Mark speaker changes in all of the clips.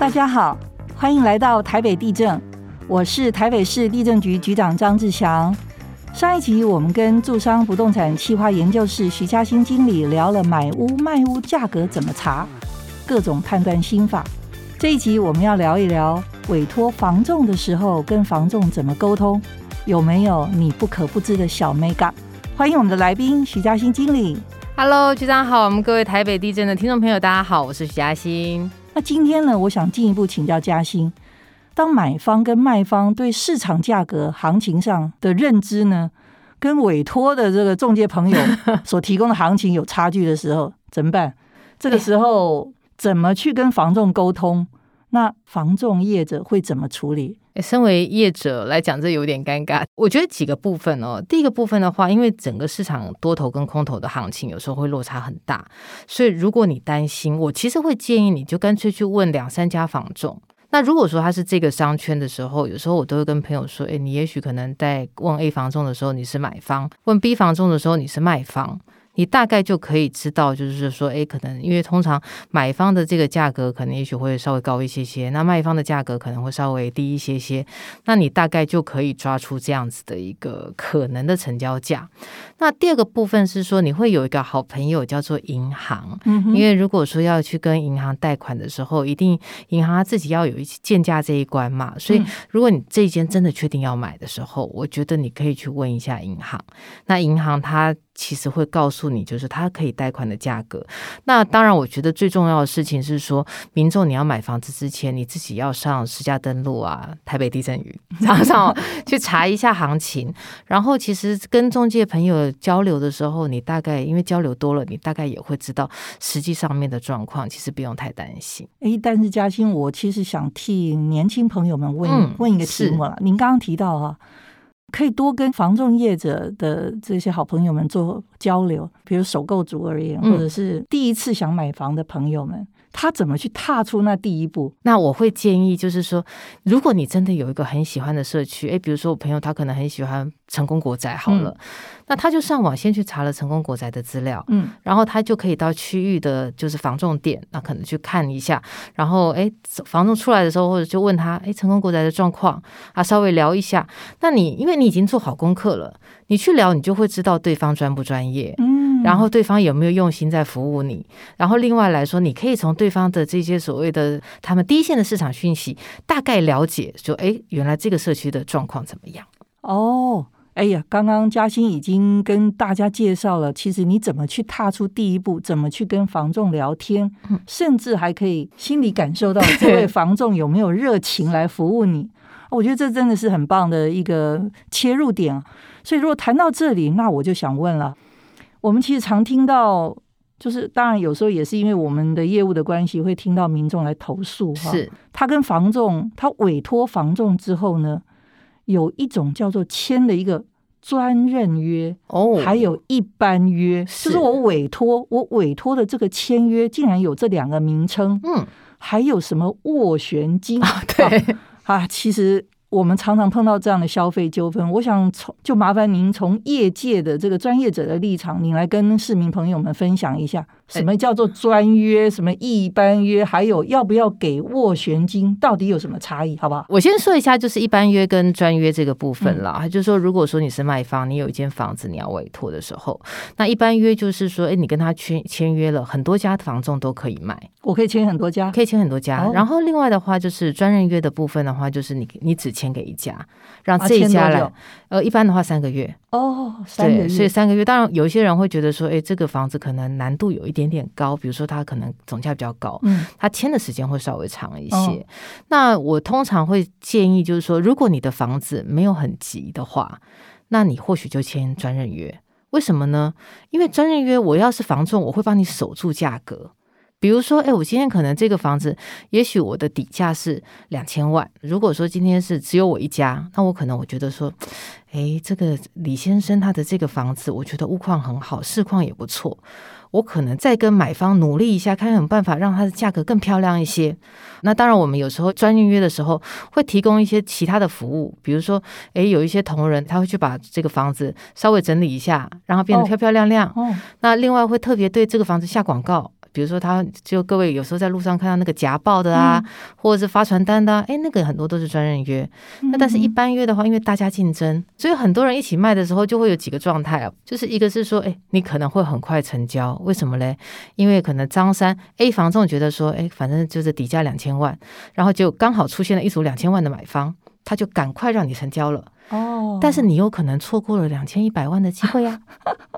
Speaker 1: 大家好，歡迎來到台北地政。我是台北市地政局局長張志祥。上一集我們跟住商不動產企劃研究室徐嘉欣經理聊了買屋賣屋價格怎麼查，各種判斷心法。這一集我們要聊一聊委托房仲的時候跟房仲怎麼溝通，有沒有你不可不知的小眉角？歡迎我們的來賓徐嘉欣經理。
Speaker 2: Hello，局長好，我們各位台北地政的聽眾朋友，大家好，我是徐嘉欣。
Speaker 1: 那今天呢，我想進一步請教嘉欣，當買方跟賣方對市場價格行情上的認知呢，跟委托的這個仲介朋友所提供的行情有差距的時候 怎麼辦？這個時候怎麼去跟房仲溝通？那房仲業者會怎麼處理？身為業者來講，這有點尷尬。
Speaker 2: 我覺得幾個部分哦，第一個部分的話，因為整個市場多頭跟空頭的行情有時候會落差很大，所以如果你擔心，我其實會建議你就乾脆去問兩三家房仲。那如果說他是這個商圈的時候，有時候我都會跟朋友說，誒，你也許可能在問 A 房仲的時候你是買方，問 B 房仲的時候你是賣方。你大概就可以知道，就是說，誒，可能因為通常買方的這個價格可能也許會稍微高一些些，那賣方的價格可能會稍微低一些些，那你大概就可以抓出這樣子的一個可能的成交價。那第二個部分是說，你會有一個好朋友叫做銀行，因為如果說要去跟銀行貸款的時候，一定銀行他自己要有一些鑑價這一關嘛，所以如果你這一間真的確定要買的時候，我覺得你可以去問一下銀行，那銀行他。其實會告訴你，就是它可以貸款的價格。那當然，我覺得最重要的事情是說，民眾你要買房子之前，你自己要上實價登錄啊，台北地政雲，查上去查一下行情。 然後，其實跟中介朋友交流的時候，你大概因為交流多了，你大概也會知道實際上面的狀況，其實不用太擔心。
Speaker 1: 哎，但是嘉欣，我其實想替年輕朋友們問、嗯、問一個題目了。是您剛剛提到哈、啊。可以多跟房仲業者的這些好朋友們做交流，比如首購族而言，或者是第一次想買房的朋友們，他怎麼去踏出那第一步？
Speaker 2: 那我會建議，就是說，如果你真的有一個很喜歡的社區，誒，比如說我朋友他可能很喜歡。成功國宅好了，嗯、那他就上網先去查了成功國宅的資料，嗯，然後他就可以到區域的，就是房仲店，那可能去看一下，然後誒，房仲出來的時候或者就問他，誒，成功國宅的狀況，啊，稍微聊一下。那你因為你已經做好功課了，你去聊你就會知道對方專不專業，嗯，然後對方有沒有用心在服務你，然後另外來說，你可以從對方的這些所謂的他們第一線的市場訊息，大概了解說，說誒，原來這個社區的狀況怎麼樣？
Speaker 1: 哦。哎呀，剛剛嘉興已經跟大家介紹了，其實你怎麼去踏出第一步，怎麼去跟房仲聊天，甚至還可以心裡感受到這位房仲有沒有熱情來服務你。 我覺得這真的是很棒的一個切入點。所以，如果談到這裡，那我就想問了，我們其實常聽到，就是當然有時候也是因為我們的業務的關係，會聽到民眾來投訴，是他跟房仲，他委託房仲之後呢，有一種叫做簽的一個專任約，哦、還有一般約，就是,是我委托，我委托的這個簽約竟然有這兩個名稱，嗯、還有什麼斡旋金啊？對啊，其實。我們常常碰到這樣的消費糾紛，我想從就麻煩您從業界的這個專業者的立場，您來跟市民朋友們分享一下，什麼叫做專約，什麼一般約，還有要不要給斡旋金，到底有什麼差異，好不好？
Speaker 2: 我先說一下，就是一般約跟專約這個部分了。就是說，如果說你是賣方，你有一間房子你要委託的時候，那一般約就是說，哎，你跟他簽簽約了很多家的房仲都可以賣，我可以簽很多家，可以簽很多家。好。然後另外的話，就是專任約的部分的話，就是你你只。簽給一家，讓這一家來。啊、呃，一般的話三個月。哦，三個月。對，所以三個月。當然，有一些人會覺得說，哎，這個房子可能難度有一點點高。比如說，它可能總價比較高，他它簽的時間會稍微長一些。嗯、那我通常會建議，就是說，如果你的房子沒有很急的話，那你或許就簽專任約。為什麼呢？因為專任約，我要是房仲，我會幫你守住價格。比如說，哎，我今天可能這個房子，也許我的底價是兩千萬。如果說今天是只有我一家，那我可能我覺得說，哎，這個李先生他的這個房子，我覺得物況很好，市況也不錯。我可能再跟買方努力一下，看看有辦法讓它的價格更漂亮一些。那當然，我們有時候專約的時候會提供一些其他的服務，比如說，哎，有一些同仁他會去把這個房子稍微整理一下，然後變得漂漂亮亮。哦，哦那另外會特別對這個房子下廣告。比如說，他就各位有時候在路上看到那個夾報的啊，或者是發傳單的誒、啊、哎，那個很多都是專任約。那但是，一般約的話，因為大家競爭，所以很多人一起賣的時候，就會有幾個狀態啊，就是一個是說，哎，你可能會很快成交，為什麼嘞？因為可能張三 A 房仲覺得說，哎，反正就是底價兩千萬，然後就剛好出現了一組兩千萬的買方，他就趕快讓你成交了。哦，oh. 但是你有可能錯過了兩千一百萬的機會啊！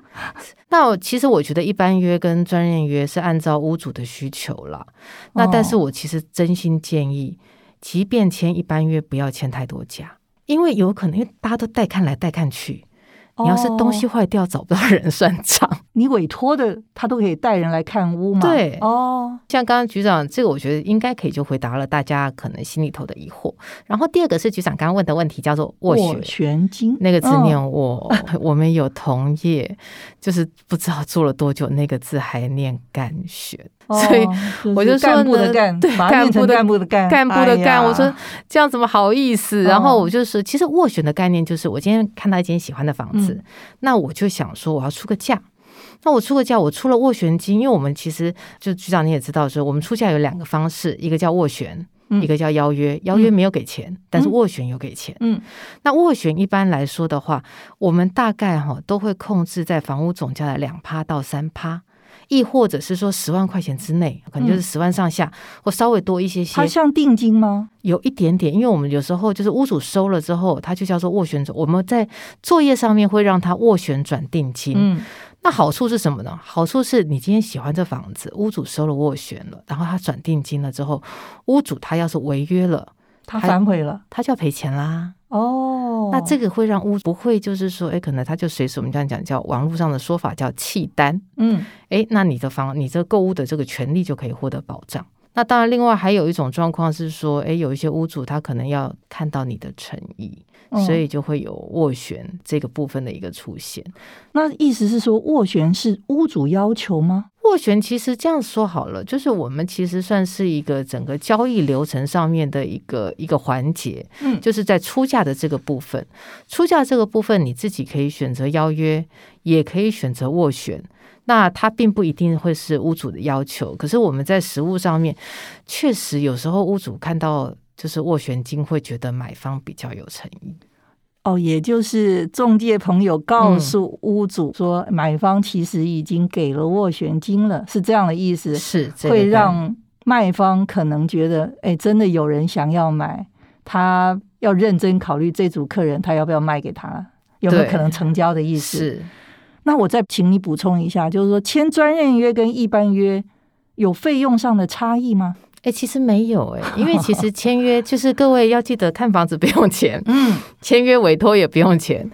Speaker 2: 那我其實我覺得一般約跟專任約是按照屋主的需求了。Oh. 那但是我其實真心建議，即便簽一般約，不要簽太多家，因為有可能因為大家都帶看來帶看去，oh. 你要是東西壞掉，找不到人算賬。
Speaker 1: 你委託的他都可以帶人來看屋嘛？對哦，像
Speaker 2: 剛剛局長，這個我覺得應該可以就回答了大家可能心裡頭的疑惑。然後第二個是局長剛剛問的問題，叫做斡旋金，那個字念斡。我們有同業就是不知道做了多久，那個字還念幹旋，所以我就說幹部的幹，幹部的幹部
Speaker 1: 的幹，幹部的幹，我說
Speaker 2: 這樣怎麼好意思？然後我就是其實斡旋的概念就是我今天看到一間喜歡的房子，那我就想說我要出個價。那我出個價，我出了斡旋金，因為我們其實就局長你也知道說，說我們出價有兩個方式，一個叫斡旋，一個叫邀約。嗯、邀約沒有給錢，嗯、但是斡旋有給錢。嗯，嗯那斡旋一般來說的話，我們大概哈都會控制在房屋總價的兩趴到三趴。亦或者是說十萬塊錢之內，可能就是十萬上下，嗯，或稍微多一些些。他像定金嗎？有一點點，因為我們有時候就是屋主收了之後，他就叫做斡旋者。我們在作業上面會讓他斡旋轉定金。嗯，那好處是什麼呢？好處是你今天喜歡這房子，屋主收了斡旋了，然後他轉定金了之後，屋主他要是違約了，
Speaker 1: 他，他反悔了，
Speaker 2: 他就要賠錢啦。
Speaker 1: 哦。那這
Speaker 2: 個會讓屋不會就是說，哎，可能他就隨時，我們這樣講，叫網絡上的說法叫棄單，嗯，哎，那你的房，你這購物的這個權利就可以獲得保障。那當然，另外還有一種狀況是說，哎，有一些屋主他可能要看到你的誠意，哦，所以就會有斡旋這個部分的一個出現。
Speaker 1: 那意思是說，斡旋是屋主要求
Speaker 2: 嗎？斡旋其實這樣說好了，就是我們其實算是一個整個交易流程上面的一個一個環節，嗯，就是在出價的這個部分，出價這個部分你自己可以選擇邀約，也可以選擇斡旋。那他並不一定會是屋主的要求，可是我們在實務上面，確實有時候屋主看到就
Speaker 1: 是斡旋金，會覺得買方比較有誠意。哦，也就是仲介朋友告訴屋主說，買方其實已經給了斡旋金了，嗯、是這樣的意思，是會讓賣方可能覺得，哎，真的有人想要買，他要認真考慮這組客人，他要不要賣給他，有沒有可能成交的意思。那我再請你補充一下，就是說簽專任約跟一般約有費用上的差異嗎？哎、欸，其實沒有哎、欸，因為
Speaker 2: 其實簽約就是各位要記得看房子不用錢， 嗯，簽約委托也不用錢。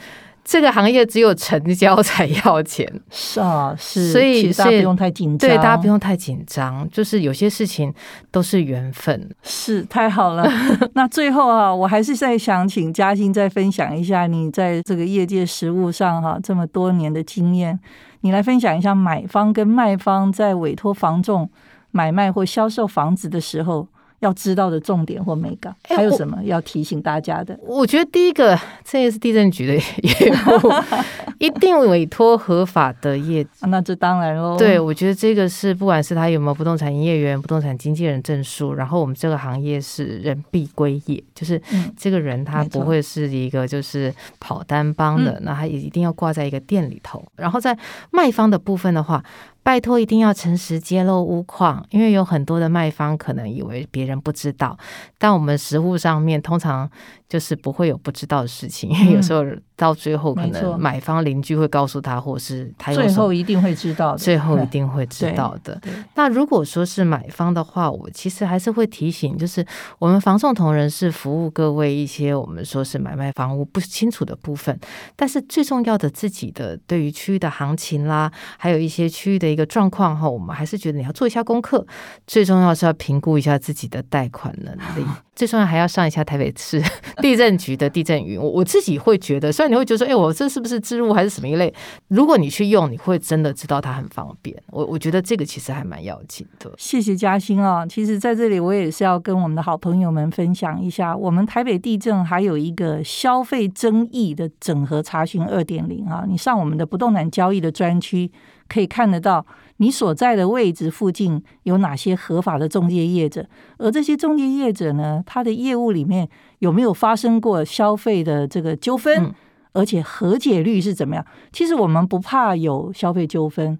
Speaker 2: 這個行業只有成交才要錢，是啊，是，所以其實大家不用太緊張，所以對大家不用太緊張，就是有些事情都是緣分，
Speaker 1: 是太好了。 那最後啊，我還是再想請嘉興再分享一下你在這個業界實務上哈、啊、這麼多年的經驗，你來分享一下買方跟賣方在委托房仲買賣或銷售房子的時候，要知道的重點或美感，還有什麼要提醒大家的？
Speaker 2: 欸、我，我覺得第一個，這也是地震局的業務， 一定委托合法的業。
Speaker 1: 那這當然嘍。對，我
Speaker 2: 覺得這個是，不管是他有沒有不動產營業員、不動產經紀人證書，然後我們這個行業是人必歸業，就是這個人他不會是一個就是跑單幫的，那、嗯、他也一定要掛在一個店裡頭。然後在賣方的部分的話。拜託，一定要誠實揭露屋況，因為有很多的賣方可能以為別人不知道，但我們實務上面通常。就是不會有不知道的事情，因 為有時候到最後可能買方鄰居會告訴他，或是他最後一定
Speaker 1: 會知道的。最後一定會知道的。
Speaker 2: 那如果說是買方的話，我其實還是會提醒，就是我們房送同仁是服務各位一些我們說是買賣房屋不清楚的部分，但是最重要的自己的對於區域的行情啦，還有一些區域的一個狀況哈，我們還是覺得你要做一下功課，最重要是要評估一下自己的貸款能力，好最重要還要上一下台北市。 地政局的地政雲，我我自己會覺得，雖然你會覺得說，誒、欸，我這是不是置入還是什麼一類？如果你去用，你會真的知道它很方便。我我覺得這個其實還蠻要緊的。
Speaker 1: 謝謝嘉欣啊，其實在這裡我也是要跟我們的好朋友們分享一下，我們臺北地政還有一個消費爭議的整合查詢二點零啊，你上我們的不動產交易的專區。可以看得到你所在的位置附近有哪些合法的中介業者，而這些中介業者呢，他的業務裡面有沒有發生過消費的這個糾紛，而且和解率是怎麼樣？其實我們不怕有消費糾紛，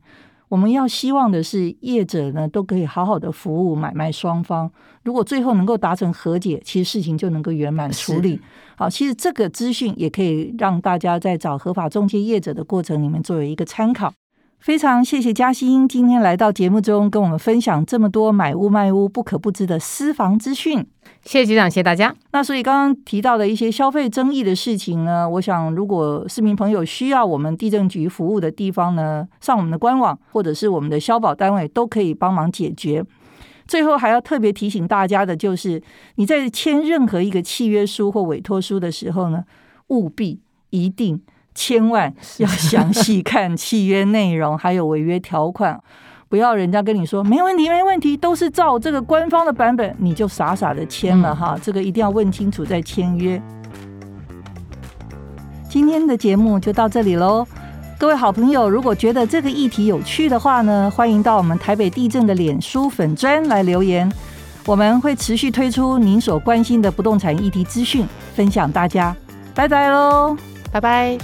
Speaker 1: 我們要希望的是業者呢都可以好好的服務買賣雙方。如果最後能夠達成和解，其實事情就能夠圓滿處理。好，其實這個資訊也可以讓大家在找合法中介業者的過程裡面作為一個參考。非常謝謝嘉欣今天來到節目中跟我們分享這麼多買屋賣屋不可不知的私房資訊。謝謝局長，謝謝大家。那所以剛剛提到的一些消費爭議的事情呢，我想如果市民朋友需要我們地政局服務的地方呢，上我們的官網或者是我們的消保單位都可以幫忙解決。最後還要特別提醒大家的就是，你在簽任何一個契約書或委託書的時候呢，務必一定。千萬要詳細看契約內容，還有違約條款，不要人家跟你說沒問題沒問題，都是照這個官方的版本，你就傻傻的簽了哈。這個一定要問清楚再簽約。今天的節目就到這裡嘍，各位好朋友，如果覺得這個議題有趣的話呢，歡迎到我們台北地震的臉書粉專來留言，我們會持續推出您所關心的不動產議題資訊分享大家。拜拜嘍，拜拜。